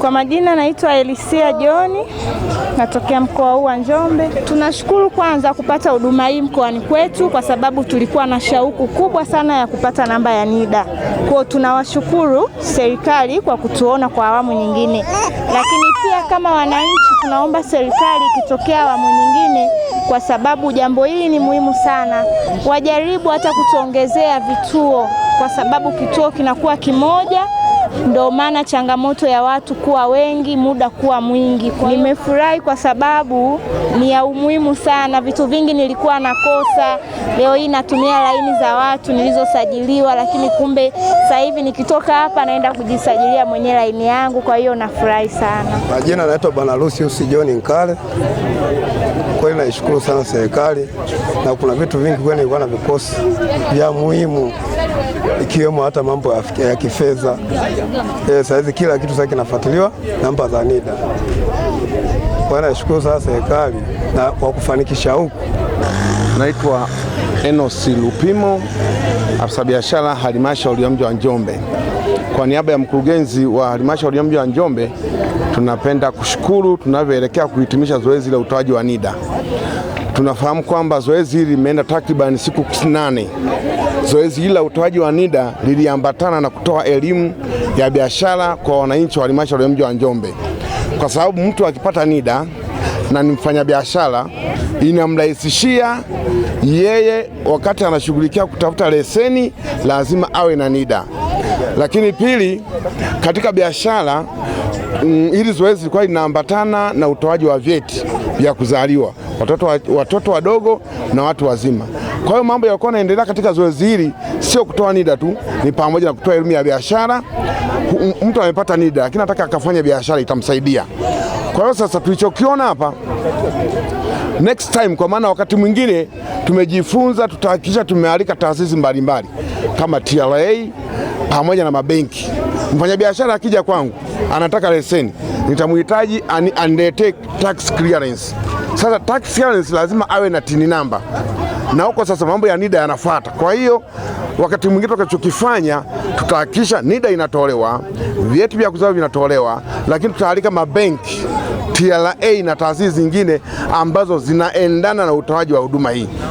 Kwa majina naitwa Elisia Joni, natokea mkoa huu wa Njombe. Tunashukuru kwanza kupata huduma hii mkoani kwetu, kwa sababu tulikuwa na shauku kubwa sana ya kupata namba ya NIDA. Kwao tunawashukuru serikali kwa kutuona kwa awamu nyingine, lakini pia kama wananchi tunaomba serikali ikitokea awamu nyingine, kwa sababu jambo hili ni muhimu sana, wajaribu hata kutuongezea vituo, kwa sababu kituo kinakuwa kimoja ndio maana changamoto ya watu kuwa wengi, muda kuwa mwingi. Nimefurahi kwa sababu ni ya umuhimu sana. Vitu vingi nilikuwa nakosa, leo hii natumia laini za watu nilizosajiliwa, lakini kumbe sasa hivi nikitoka hapa naenda kujisajilia mwenyewe laini yangu. Kwa hiyo nafurahi sana. Majina naitwa Bwana Lucius John Nkale. Kweli naishukuru sana serikali, na kuna vitu vingi kweli nilikuwa na vikosi vya muhimu, ikiwemo hata mambo ya kifedha Eh, hivi kila kitu sasa kinafuatiliwa namba za NIDA. Bwana nashukuru sana serikali na kwa kufanikisha huku. Naitwa Enosi Lupimo, afisa biashara halmashauri ya mji wa Njombe. Kwa niaba ya mkurugenzi wa halmashauri ya mji wa Njombe, tunapenda kushukuru tunavyoelekea kuhitimisha zoezi la utoaji wa NIDA. Tunafahamu kwamba zoezi hili limeenda takribani siku nane. Zoezi hili la utoaji wa NIDA liliambatana na kutoa elimu ya biashara kwa wananchi wa halmashauri ya mji wa Njombe, kwa sababu mtu akipata NIDA na ni mfanyabiashara, inamrahisishia yeye wakati anashughulikia kutafuta leseni, lazima awe na NIDA. Lakini pili, katika biashara mm, hili zoezi lilikuwa linaambatana na utoaji wa vyeti vya kuzaliwa watoto, wa, watoto wadogo na watu wazima. Kwa hiyo mambo yalikuwa yanaendelea katika zoezi hili, sio kutoa NIDA tu, ni pamoja na kutoa elimu ya biashara. Mtu amepata NIDA lakini anataka akafanya biashara, itamsaidia kwa hiyo sasa tulichokiona hapa next time, kwa maana wakati mwingine tumejifunza, tutahakikisha tumealika taasisi mbalimbali kama TRA pamoja na mabenki. Mfanyabiashara akija kwangu anataka leseni, nitamhitaji aniletee tax clearance. Sasa tax clearance lazima awe na tini namba na huko sasa mambo ya NIDA yanafuata. Kwa hiyo wakati mwingine tukachokifanya, tutahakikisha NIDA inatolewa, vyeti vya kuzaa vinatolewa, lakini tutaalika mabenki TRA na taasisi zingine ambazo zinaendana na utoaji wa huduma hii.